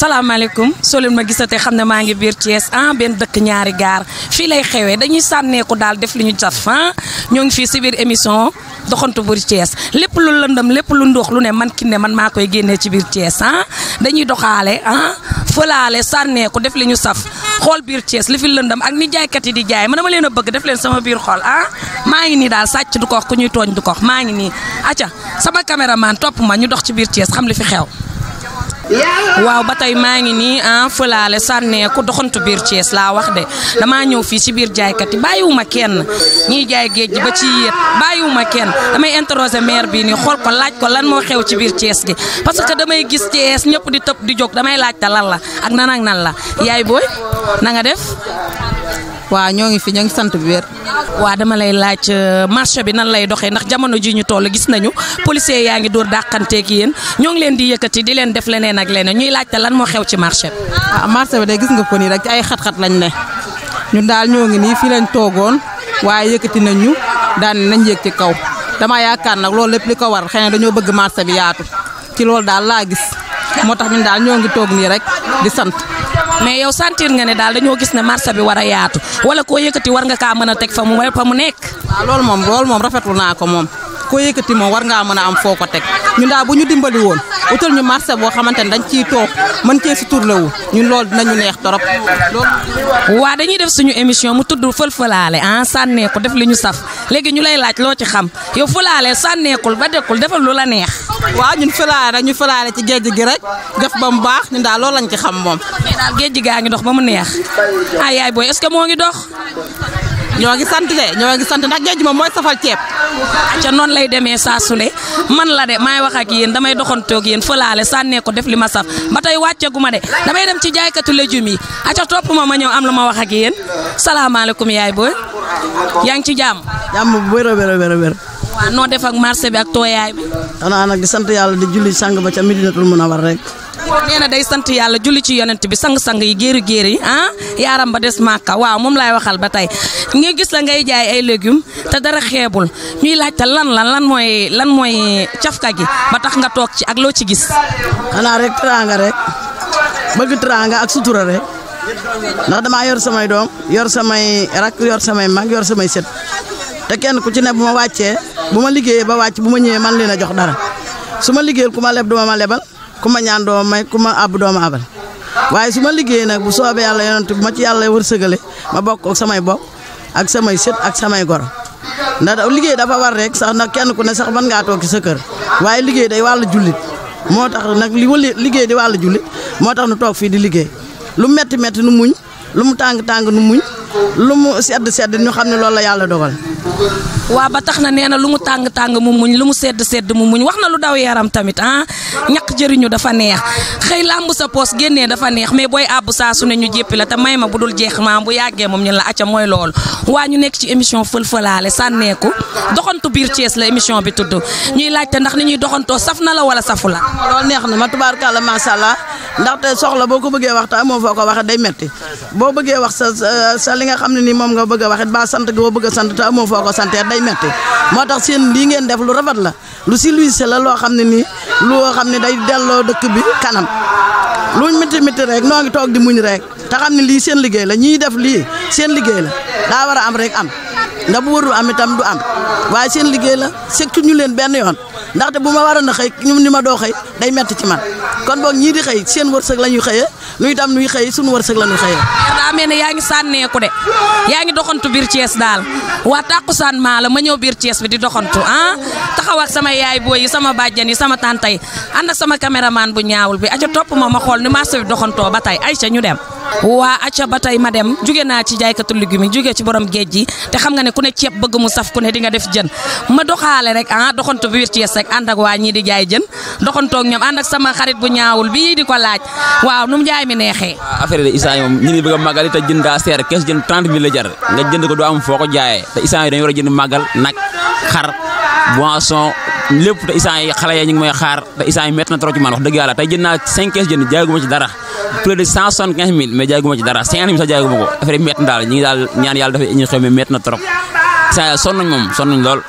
salaamaaleykum soo leen ma gisatee xam ne maa ngi biir Thiès ah benn dëkk ñaari gaar fii lay xewee dañuy sànneeku daal def li ñu jaf ah ñoo ngi fii si biir émission doxantu buur Thiès lépp lu lëndëm lépp lu ndox lu ne man ki ne man maa koy génnee ci biir Thiès ah dañuy doxaale ah fëlaale sànneeku def li ñu saf xool biir Thiès li fi lëndëm ak ni jaaykat yi di jaay ma dama leen a bëgg def leen sama biir xool ah maa ngi nii daal sàcc du ko wax ku ñuy tooñ du ko wax maa ngi nii acca sama maan topp ma ñu dox ci biir Thiès xam li fi xew waaw ba tey maa ngi nii ah fëlaale sànneeku doxantu biir Thiès laa wax de damaa ñëw fii ci biir jaaykat yi bàyyiwuma kenn ñiy jaay géej gi ba ci yéet bàyyiwuma kenn damay interroger maire bi nii xool ko laaj ko lan moo xew ci biir Thiès gi parce que damay gis Thiès ñëpp di tëb di jóg damay laaj lan la ak nan ak nan la yaay booy nanga def waaw ñoo ngi fi ñoo ngi sant bi wér. waa dama lay laaj euh, marché bi nan lay doxee ndax jamono ji ñu toll gis nañu policier yaa ngi dóor dàqanteeg yéen ñoo ngi leen di yëkkati di leen def leneen ak leneen ñuy laajte lan moo xew ci marché bi. ah marché gis nga ko nii rek ci ay xat-xat lañ ne ñun daal ñoo ngi nii fi lañ toogoon waaye yëkkati nañ ñu daan nañ yëg kaw dama yaakaar nag loolu lépp li ko war xëy na dañoo bëgg marché bi yaatu ci loolu daal laa gis moo tax ñun daal ñoo ngi toog nii rek di sant. mais yow santiir nga ne daal dañoo gis ne marché bi war a yaatu wala koo yëkkati war nga kaa mën a teg fa mu fa mu nekk. waaw loolu moom loolu moom rafetlu naa ko moom koo yëkkati moom war ngaa mën a am foo ko teg ñu daal bu ñu dimbali woon utal ñu marché boo xamante ne dañ ciy toog mën cee si turlawu ñu loolu dinañu neex torop loolu. waa dañuy def suñu émission mu tudd fël-fëlaale ah sànneeku def li ñu saf léegi ñu lay laaj loo ci xam yow fëlaale sànneekul ba dekkul defal lu la neex. waaw ñun fëlaale rek ñu fëlaale ci géej gi rek def ba mu baax ñun daal loolu lañ ci xam moom. mais gaa ngi dox ba mu neex ah yaay booy est moo ngi ñoo ngi sant de ñoo ngi sant ndax géej moom mooy safal ceeb. ca noonu lay demee saa su man la de maay wax ak yéen damay doxantoog yéen fëlaale sànnee ko def li ma saf ba tey wàcceegu ma de damay dem ci jaaykatu légumes yi aca topp ma ma ñëw am la ma wax ak yéen salaamaaleykum yaay booy yaa ngi ci jàmm. jàmm bu wér a wér a wér noo def ak marché bi ak tooyaay bi. xanaa nag di sant yàlla di julli sang ba ca Medinatul Munawwar rek. neena day sant yalla julli ci yonent bi sang-sang yi geeru geeri han ah yaaram ba des makka waaw mom lay waxal ba tey nga gis la ngay jaay ay legume ta dara xeebul ñuy ta lan lan lan moy lan moy tiafka gi ba tax nga tok ci ak lo ci gis xanaa rek teraanga rek bëgg teraanga ak sutura rek ndax dama yor samay dom yor samay rak yor samay mag yor samay set te kenn ku ci ne buma wacce buma bu ba wacce buma ma man leena jox dara suma liggéeyal leb duma ma lebal ku ma ñaan doo may ku ma abu doo ma abal waaye su ma liggéeyee nag bu soobee yàlla yonent bu ma ci yàlla wërsëgale ma bokk ak samay bokk ak samay sët ak samay goro ndax liggéey dafa war rek sax nag kenn ku ne sax mën ngaa toog ci sa kër waaye liggéey day wàllu jullit moo tax nag li wëli liggéey di wàllu jullit moo tax nu toog fii di liggéey lu metti metti nu muñ lu mu tàng tàng nu muñ lu mu sedd sedd ñu xam ne loolu la yàlla dogal. waa ba tax na nee na lu mu tàng tàng mu muñ lu mu sedd sedd mu muñ wax na lu daw yaram tamit ah ñaq jëriñu dafa neex xëy làmb sa poos génnee dafa neex mais booy àbb saa su ne ñu jéppi la may ma bu dul jeex maam bu moom ñun la acca mooy loolu. waa ñu nekk ci émission fël-fëlaale sànneeku doxantu biir Thiès la émission bi tudd ñuy laajte ndax ni ñuy doxantoo saf na la wala safu la. loolu neex na ma tubaarkàlla macha allah ndaxte soxla boo ko bëggee wax te amoo foo ko waxee day metti boo li nga xam ne nii moom nga bëgg a wax it sant nga ko bëgg a sant te amoo foo ko santee day metti moo tax seen lii ngeen def lu rafet la lu si silvissé la loo xam ne nii loo xam ne day delloo dëkk bi kanam luñ miti miti rek noo ngi toog di muñ rek te xam ne lii seen liggéey la ñiy def lii seen liggéey la daa war a am rek am ndax bu warul am tam du am waaye seen liggéey la sekk ñu leen benn yoon ndaxte bu ma waroon a xëy ñum ni ma doo xëy day metti ci man kon boog ñii di xëy seen wërsëg la ñuy xëyee nuy tam nuy xëy suñu wërsëg la ñuy xëyee daa ne yaa ngi sànneeku de yaa ngi doxantu biir Thiès daal waa tàkkusaan maa la ma ñëw biir Thiès bi di doxantu ah taxaw ak sama yaay booy yi sama bàjjan yi sama tànta yi ànd sama caméraman bu ñaawul bi aca topp ma ma xool ni marché bi doxantoo ba tey ayca ñu dem waa acca ba ma dem jóge naa ci jaaykatu légumes yi jóge ci borom géej te xam nga ne ku ne ceeb bëgg mu saf ku ne di nga def jën ma doxaale rek ah doxantu bi biir Thiès rek ànd waa ñii di jaay jën doxantoog ñoom ànd ak sama xarit bu ñaawul bii di ko laaj waaw nu mu jaay mi neexee. Ah, affaire yi de Issa yi moom ñu ngi bëgg a màggal te jën daa seer kees jën 30 000 la jar nga jënd ko doo am foo ko jaayee te Issa yi dañu war a jënd màggal nag xar boisson lépp te isaan yi xale ya ñu ngi xaar te isaan yi métti trop ci man wax dëgg yàlla tey jënd naa cinq quinze jënd jaaguma ci dara plus de cent soixante quinze mille mais jaaguma ci dara cinquante sax jaaguma ko affaire yi métti daal ñu daal ñaan yàlla dafa ñu xew mais métti na trop isaan sonn nañ moom sonn nañ lool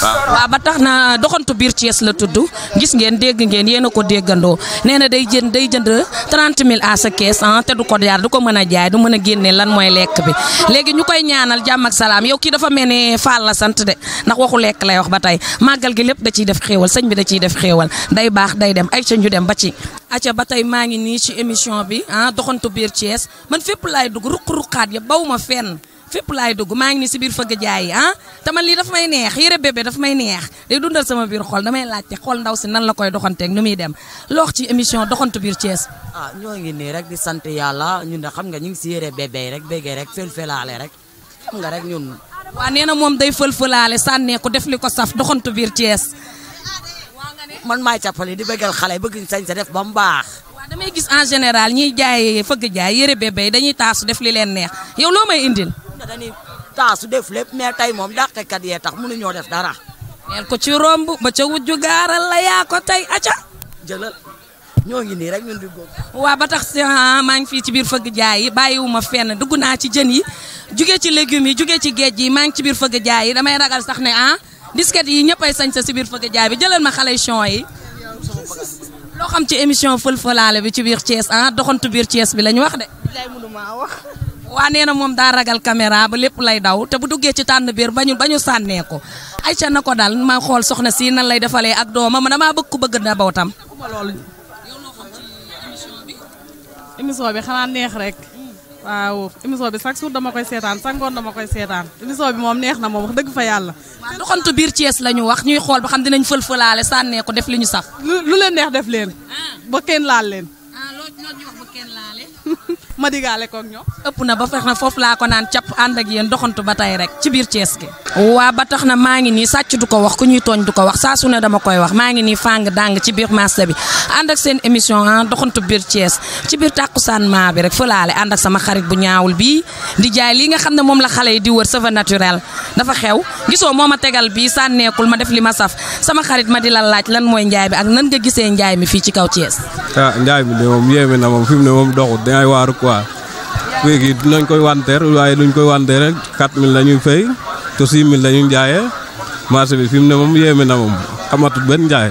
Ah. waaw ba tax na doxantu biir Thiès la tudd gis ngeen dégg ngeen yéen a ko déggandoo nee na day jënd day jënd trente mille à sa kees ah te du ko jaar du ko mën a jaay du mën a génne lan mooy lekk bi léegi ñu koy ñaanal jàmm ak salaam yow kii dafa mel ne Fall la sant de ndax waxu lekk lay wax ba tey màggal gi lépp da ciy def xéewal sëñ bi da ciy def xéewal day baax day dem ay ca ñu dem ba ci acca ba tey maa ngi nii ci émission bi ah doxantu biir Thiès man fépp laay dugg ruq-ruqaat ya baw ma fenn fépp laay dugg maa ngi ni si biir fëgg jaay yi ah lii dafa may neex yére bébé dafa may neex day dundal sama biir xol damay laajte xol ndaw si nan la koy doxanteeg nu muy dem loox ci émission doxantu biir Thiès ah ñoo ngi rek di sant yàlla ñun de xam nga ñu ngi si yére bébé rek béggee rek fël-fëlaale rek xam nga rek ñun waaw nee na moom day fël-fëlaale sànneeku def li ko saf doxantu biir Thiès man maay cappali di bëggal xale bëgg sañ sa def ba mu baax damay gis en général ñiy jaaye fëgg jaay yére bébé dañuy taasu def li leen neex yow loo may indil dañuy taasu def lépp mais tey moom dàqekat yee tax mënuñoo def dara. neen ko ci romb ba ca wujju gaaral la yaa ko tey aca jëlal ñoo ngi nii rek ñun di góob. waaw ba tax si ah, maa ngi fii ci biir fëgg jaay yi bàyyiwuma fenn dugg naa ci jën yi jugee ci légumes yi jugee ci géej yi maa ngi ci biir fëgg jaay yi damay ragal sax ne ah disket yi ñëppay sañ sa si biir fëgg jaay bi jëlal ma xale chon yi. loo xam ci émission fël-fëlaale bi ci biir Thiès ah doxantu biir Thiès bi lañ wax de. lay mënuma wax. waa nee na moom daa ragal caméra ba lépp lay daw te bu duggee ci tànn biir bañu bañu sànnee ko ca na ko daal ma xool soxna si nan lay defalee ak doomam damaa bëgg ku bëgg na bootam. émission bi xanaa neex rek. waaw émission bi chaque jour dama koy seetaan chaque dama koy seetaan émission bi moom neex na moom wax dëgg fa yàlla. waaw doxantu biir Thiès la ñu wax ñuy xool ba xam dinañ fël-fëlaale sànnee ko def li ñu saf. lu leen neex def leen. Ah. ba kenn laal leen. Ah, ma digaale koog ñoom. ëpp na ba fex na foofu laa ko naan capp ànd ak yéen doxantu ba tey rek ci biir Thiès gi. waa ba tax na maa ngi nii sàcc du ko wax ku ñuy tooñ du ko wax saa su ne dama koy wax maa ngi nii fang dang ci biir marché bi ànd ak seen émission ah doxantu biir Thiès ci biir tàkkusaan maa bi rek fëlaale ànd ak sama xarit bu ñaawul bii di jaay li nga xam ne moom la xale yi di wër sava naturel dafa xew gisoo moo ma tegal bii sànneekul ma def li ma saf sama xarit ma di la laaj lan mooy njaay ak nan nga gisee njaay mi fii ci kaw Thiès. Ah, quoi léegi dinañ koy wanteer waaye duñ koy wanteer rek mil la ñuy fay te 6000 la ñuy jaayee marché bi fi mu ne moom yéeme na moom xamatut benn njaay.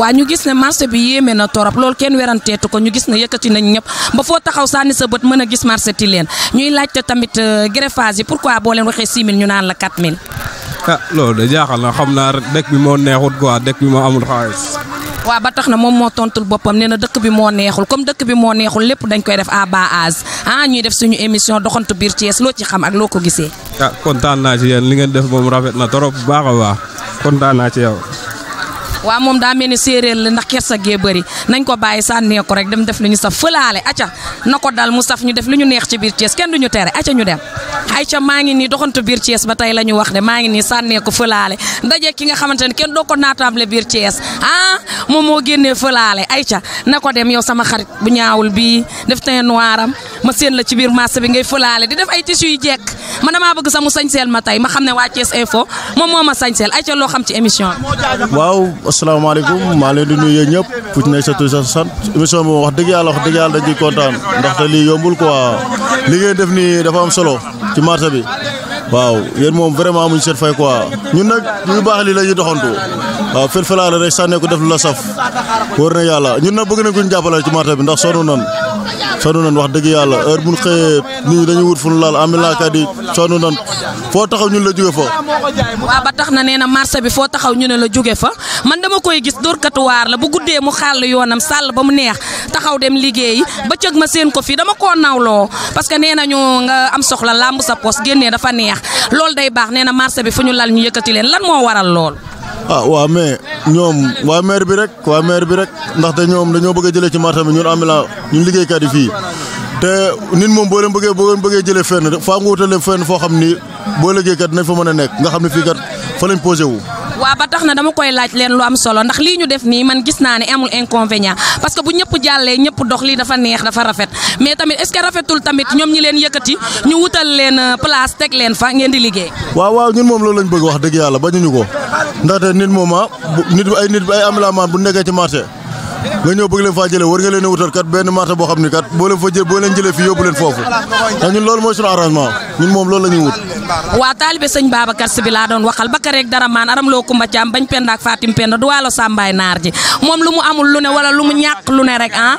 waa ñu gis ne marché bi yéeme na torop loolu kenn weranteetu ko ñu gis ne yëkkati nañ ñëpp ba foo taxaw sànni sa bët mën a gis marché leen ñuy laajte tamit euh, greffage yi pourquoi boo leen waxee 6000 ñu naan la 4000. ah loolu de jaaxal na xam naa rek dëkk bi moo neexut quoi dëkk bi moo amul xaalis. waaw ba tax na moom moo tontul boppam nee na dëkk bi moo neexul comme dëkk bi moo neexul lépp dañ koy def à bas âge ah, ñuy def suñu émission doxantu biir Thiès loo ci xam ak loo ko gisee. ah kontaan naa ci yéen li ngeen def moom rafet na trop bu baax a baax kontaan naa ci yow. waa moom daa mel ni séeréer la ndax kersa gee bëri nañ ko bàyyi sànnee ko rek dem def lu ñu saf fëlaale aca na ko dal mu saf ñu def lu ñu neex ci biir Thiès kenn du ñu tere aca ñu dem ayca maa ngi nii doxantu biir Thiès ba tey la ñu wax de maa ngi nii sànnee ko fëlaale ndaje ki nga xamante ne kenn doo ko naataable biir Thiès ah moom moo génnee fëlaale ca na ko dem yow sama xarit bu ñaawul bii def teint noiram ma seen la ci biir marché bi ngay fëlaale di def ay tissu yu jekk man maa bëgg sax mu sañseel ma tey ma xam ne waa Thiès info moom moo ma sañseel ayca loo xam ci émission asalaamaaleykum maa leen di nuyu ñëpp fu ci nekk sa tur sa sant émission bi wax dëgg yàlla wax dëgg yàlla dañ ciy kontaan ndaxte lii yombul quoi li ngeen def nii dafa am solo ci marché bi waaw yéen moom vraiment amuñu seen fay quoi ñun nag ñu baax lii la ñuy doxantu waaw fët fëlaale rek sànnee ko def lu la saf wóor na yàlla ñun nag bëgg nañ ko ñu jàppale ci marché bi ndax sonn nañ sonn nañ wax dëgg yàlla heure bu ñu xëyee nit ñi dañuy wut fu ñu laal ambulance yi sonn nañ foo ba tax na nee na marché bi foo taxaw ñu ne la jóge fa man dama koy gis dóorkatu waar la bu guddee mu xàll yoonam sàll ba mu neex taxaw dem liggéey ba bëccëg ma seen ko fii dama koo nawloo parce que nee nañu nga am soxla làmb sa poos génnee dafa neex loolu day baax nee na marché bi fu ñu lal ñu yëkkati leen lan moo waral lool. ah waa mais ñoom waa maire bi rek waa maire bi rek ndaxte ñoom dañoo bëgg a jëlee ci marché bi ñun ambulant ñun liggéeykat yi fii te nit moom boo leen bëggee boo leen bëggee jële fenn faa nga wutale fenn foo xam ni boo liggéeykat nañ fa mën a nekk nga xam ne fii kat fa lañ posé wu. waaw ba tax na dama koy laaj leen lu am solo ndax lii ñu def nii man gis naa ne amul inconvénient parce que bu ñëpp jàllee ñëpp dox lii dafa neex dafa rafet mais tamit est que rafetul tamit ñoom ñi leen yëkkati ñu wutal leen euh, place teg leen fa ngeen di liggéey. waaw waaw ñun moom loolu lañ bëgg wax dëgg yàlla bañuñu ko ndaxte nit moom ah nit ay nit ay amalamaan bu nekkee ci marché. nga ñëw bëgg leen faa jëlee war nga leen a wutal kat benn marché boo xam ni kat boo leen fa jël boo leen jëlee fii yóbbu ñun moom loolu la ñuy wut. waa taalibe sëñ Babacar Si bi laa doon waxal ba kareeg dara maan aram loo Kumba Caam bañ penda ak Fatim du waalo Sambaay naar ji moom lu mu amul lu ne wala lu mu ñàkk lu ne rek ah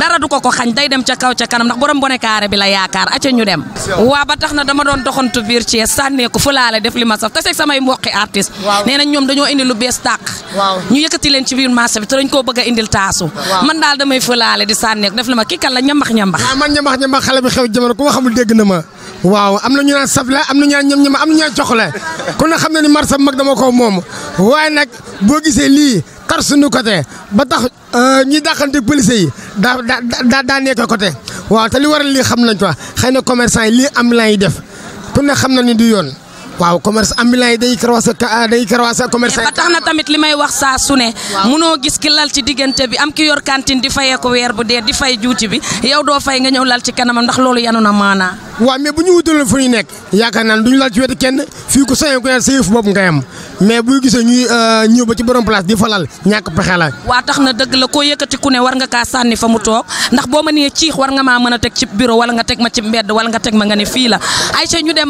dara du ko ko xañ day dem ca kaw ca kanam ndax borom bone yaakaar aca ñu dem. waa ba tax na dama doon doxantu biir Thiès sànneeku fu laale def li ma saf taseeg samay mbokki artiste. waaw nee nañ ñoom indi lu bees tàq. ñu yëkkati leen ci biir a la ñambax ñambax. waaw man ñambax ñambax xale bi xew jamono ku ma xamul waaw am na ñu naan saf am na ñu naan ñam ñam am na ñu naan jox la kon nag xam na ni marché bu mag dama ko moom waaye nag boo gisee lii xar suñu côté ba tax euh, ñi dàqante police yi daa daa daa nekk côté waaw te li waral lii xam nañ ko xëy na commerçant yi lii am laay def kon nag xam na ni du yoon. waaw commerce ambulant yi day croiser ah, day croiser commerçant ba tax na tamit li may wax saa su ne munoo gis ki lal ci diggante bi am ki yor di fayee ko weer bu dee di fay juuti bi yow doo fay nga ñëw lal ci kanamam ndax loolu yanu na maanaa waaw mais bu ñu wutaloon fu ñu nekk yaakaar naan du lal ci wetu kenn fii ko sañee ko yaan sa yëf bopp nga yam mais buy gisee ñuy euh, ñëw ci borom place di falal ñàkk pexe la waa tax na dëgg la koo yëkkati ku ne war nga kaa sànni fa mu toog boo ma nee ciix war nga a teg nga teg ma ci mbedd wala nga teg nga ne fii la ay ñu dem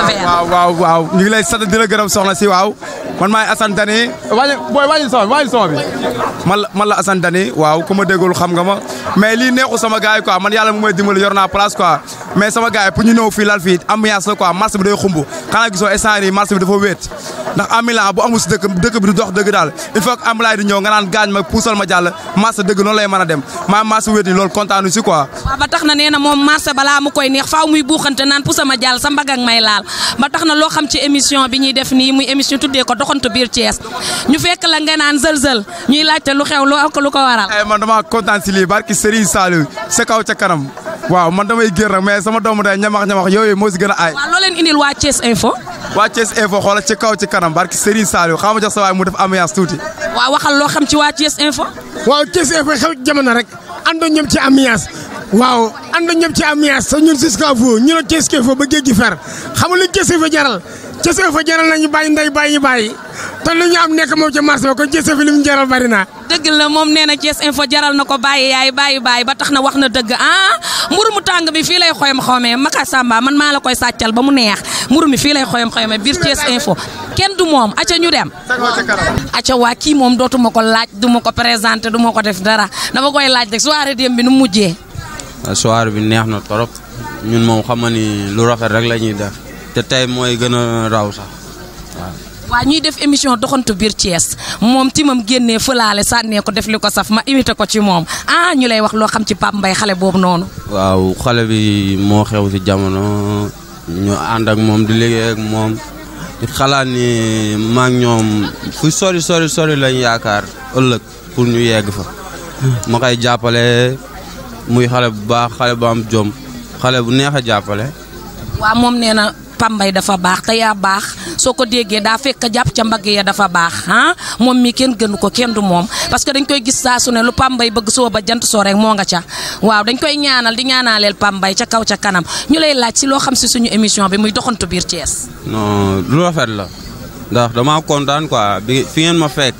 actuelle. waaw waaw waaw ñu ngi lay sant di la gërëm soxna si waaw man maay Assane Dani wàññi booy wàññi son bi wàññi son bi ma ma mais lii neexu sama gars yi quoi du ñëw nga naan gaañ ma puusal ma jàll marché dëgg noonu lay mën a dem maa marché wéet ni loolu kontaanu si quoi waaw ba tax na nee moom marché balaa mu koy neex faaw muy buuxante naan puusal ma jàll sa may laal Sénégal ba tax na loo xam ci émission bi ñuy def nii muy émission tuddee ko doxantu biir Thiès ñu fekk la nga naan zëlzël ñuy laajte lu xew lu ak lu ko waral. Eh, man damaa kontaan si lii barki Serigne Saliou sa kaw kanam waaw man damay gér nag mais sama doomu day ñamax ñamax yooyu moo gën a aay. waaw loo leen indil waa Thiès info. waa Thiès info xoolal ci kaw ci kanam barki Serigne Saliou xam jox sa waay mu def ambiance loo xam ci waa Thiès info. waaw ànd ñëpp ci ambiance te ñun jusqu'à vous ñu ne Thiès ba géej fer xam nga li Thiès fa jaral Thiès fa jaral nañu bàyyi ndey bàyyi bàyyi te lu ñu am nekk moom ci marché ba kon Thiès fa jaral bari na dëgg la moom nee na Thiès Info jaral na ko bàyyi yaay bàyyi bàyyi ba tax na wax na dëgg ah mburu mu tàng bi fii lay xoyam xoyame Maka Samba man maa la koy sàccal ba mu neex mburu mi fii lay xoyam xoyame biir Thiès Info kenn du moom aca ñu dem aca waa kii moom dootuma ko laaj du ma ko présenté du ma ko def dara dama koy laaj rek soirée démb bi nu mujjee soir bi neex na trop ñun moom xam nga ni lu rafet rek la ñuy def te tey mooy gën a raw sax waaw. waaw ñuy def émission doxantu biir Thiès moom timam génnee fëlaale sànnee ko def li ko saf ma imité ko ci moom ah ñu lay wax loo xam ci Pape mbay xale boobu noonu. waaw xale bi moo xew ci jamono ñu ànd ak moom di liggéey ak moom xalaat ni maa ñoom fu sori sori sori lañ yaakaar ëllëg pour ñu yegg fa ma koy jàppale. muy xale bu baax xale bu am jom xale bu neex a jàppale. waaw moom nee na Pambay dafa baax te yaa baax soo ko déggee daa fekk jàpp ca mbagg ya dafa baax ah moom mii kenn gënu ko kenn du moom parce que dañ koy gis saasu ne lu Pambay bëgg soo ba jant soo rek moo nga ca waaw dañ koy ñaanal di ñaanaleel Pambay ca kaw ca kanam ñu lay laaj si loo xam si suñu émission bi muy doxantu biir Thiès. lu rafet la ndax damaa kontaan ko bi fi ngeen ma fekk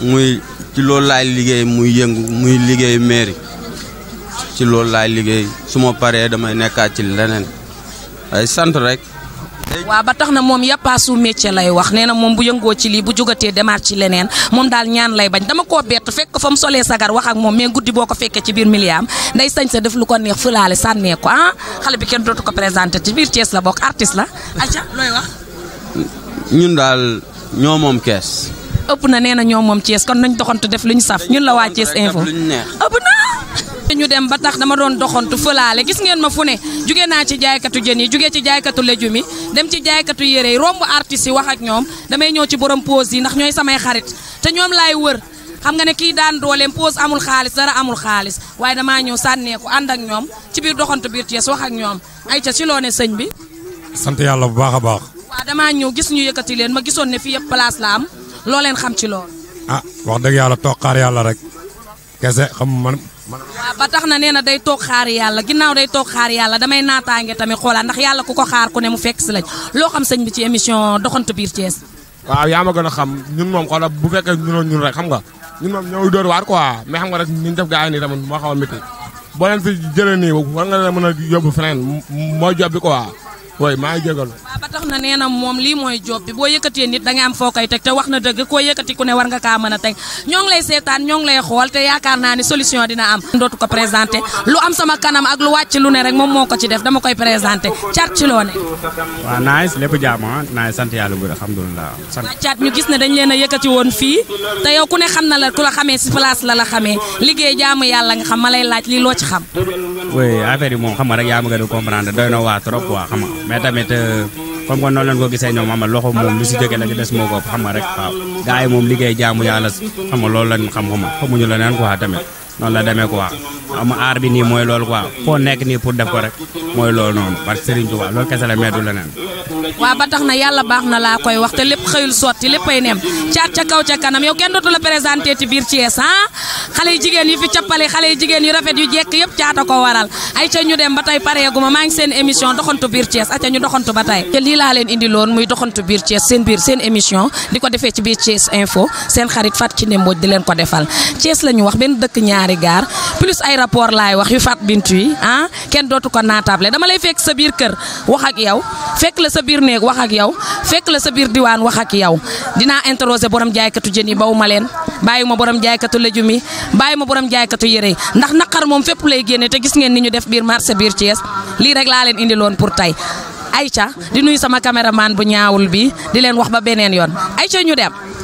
muy loolu laay liggéey muy yëngu muy liggéey mairie. ci loolu laay liggéey su ma paree damay nekkaat ci leneen ay sant rek. waaw ba tax na moom yàppaasu métier lay wax nee na moom bu yëngoo ci lii bu jógatee demaat ci leneen moom daal ñaan lay bañ dama koo bett fekk fa mu solee sagar wax ak moom mee guddi boo ko fekkee ci biir milliam nday sañ sa def lu ko neex fulaale sànnee ko ah xale bi kenn dootu ko présenté ci biir Thiès la bokk artiste la. aca looy ñun daal ñoo moom kees. ëpp na nee na ñoo moom Thiès kon nañ doxantu def lu ñu saf ñun la waa Thiès ñu dem ba tax dama doon doxantu fëlaale gis ngeen ma fu ne jugee naa ci jaaykatu jën yi jugee ci jaaykatu légumes yi dem ci jaaykatu yére yi romb artistes yi wax ak ñoom damay ñëw ci borom pose yi ndax ñooy samay xarit te ñoom laay wër xam nga ne kii daan dooleem pause amul xaalis dara amul xaalis waaye damaa ñëw sànneeku ànd ak ñoom ci biir doxantu biir Thiès wax ak ñoom ay ca ci loone sëñ bi. sant yàlla bu baax a baax. waaw damaa ñëw gis ñu yëkkati leen ma gisoon ne yëpp place la am loo leen xam ci lool. ah wax dëgg yàlla toog yàlla rek kese xam man ba tax na nee na day toog xaar yàlla ginnaaw day toog xaar yàlla damay naataange tamit xoolaat ndax yàlla ku ko xaar ku ne mu fekk si lañ loo xam sëñ bi ci émission doxantu biir Thiès. waaw yaa ma gën a xam ñun moom xoolal bu fekkee ñun ñun rek xam nga ñun moom ñooy door waar quoi mais xam nga rek ñu def gaa yi nii tamit moo xaw a métti boo leen fi jëlee nii war nga leen mën a yóbbu feneen moo job bi ko quoi waaye maa ngi jégalu. waaw ba tax na nee na moom lii mooy job bi boo yëkkatee nit da nga am foo koy teg te wax na dëgg koo yëkkati ku ne war nga kaa mën a teg ñoo ngi lay seetaan ñoo ngi lay xool te yaakaar naa ni solution dina am. dootu ko présenté lu am sama kanam ak lu wàcc lu ne rek moom moo ko ci def dama koy présenté Thiat ci loo ne. waaw nice lépp jaam ah nice sant yàlla bu alhamdulilah. sant waaw Thiat ñu gis ne dañ leen a yëkkati woon fii te yow ku ne xam na la ku la xamee si place xamee liggéey jaamu yàlla xam ma lay laaj loo ci xam. oui affaire xam nga rek yaa ma gën a comprendre doy na mais tamit euh, comme que noonu leen ko gisee ñoom ama loxo moom lu si jóge la ci des moo ko xam nga rek waaw gars yi moom liggéey jaamu yàlla xam nga loolu lañ xam xama xamuñu la neen quoi tamit noonu la demee ko xam nga aar bi nii mooy loolu quoi foo nekk nii pour def ko rek mooy loolu noonu parce que Serigne Touba kese la tax na yàlla baax na laa koy wax te lépp xëyul sotti léppay nem caat ca kaw ca kanam yow kenn dootu la présenté ci biir Thiès ah xale yu jigéen yu fi cappale jigéen yu rafet yu jekk yëpp caata ko waral ay ca ñu dem ba tey maa ngi seen émission doxantu biir Thiès aca ñu ba tey te laa leen indi loon muy doxantu biir Thiès seen biir seen émission di ko defee ci biir Thiès info seen xarit Fatou Kiné Mbodj di leen ko defal Thiès la ñu wax benn dëkk ñaar ñaari gar plus ay rapport laay wax yu fat bintu yi ah ken dotu ko natable dama lay fek sa bir keur wax ak yaw fek la sa bir néeg wax ak yaw fek la sa bir diwan wax ak yaw dina interroger borom jaay katu jeni bawuma ma leen borom jaay katu yi bàyyiwuma borom jaay katu yere ndax nakar mom fep lay gene te gis ngeen ni ñu def bir marché bir ties li rek len indi lon pour tay Aïcha di nuyu sama kameraman bu ñaawul bi di len wax ba benen yoon Aïcha ñu dem